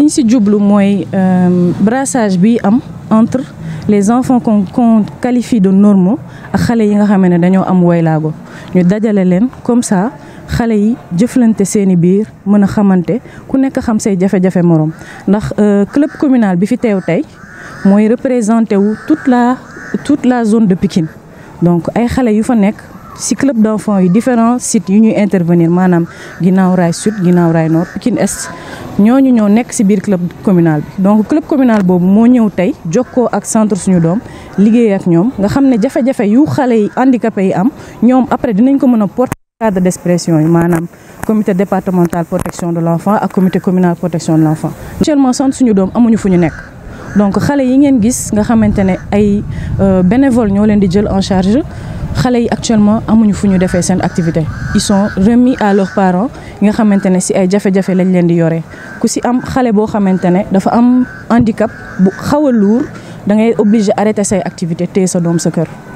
liñ si jublu mooy euh, brassage bi am entre les enfants qu'on qu'on qualifie de normaux ak xale yi nga xam ne dañoo am woy laago ñu dajale leen comme ça xale yi jëflante seeni biir mën a xamante ku nekk xam say jafe-jafe morom ndax euh, club communal bi fi teew tey mooy représenté wu toute la toute la zone de Pikine donc ay xale yu fa nekk. si club d' enfants yi différents sites yu ñuy intervenir maanaam ginnaaw raay sud ginnaaw raay nord Pikine est ñooñu ñoo nekk si biir club communal bi. donc club communal boobu moo ñëw tey jokkoo ak centre suñu doom liggéey ak ñoom nga xam ne jafe-jafe yu xale yi handicapé yi am ñoom après dinañ ko mën a porter cadre d' expression yi maanaam. comité départemental protection de l' enfant ak comité communal protection de l' enfant. centre suñu doom amuñu fu ñu nekk. donc xale yi ngeen gis nga xamante ne ay euh, bénévole ñoo leen di jël en charge xale yi actuellement amuñu fu ñu defee seen activité ils sont remis à leurs parents nga xamante ne si ay jafe-jafe lañ leen di yore ku si am xale boo xamante ne dafa am handicap bu xaw a lourd da ngay obligé arrêter say activité téye sa doom sa kër.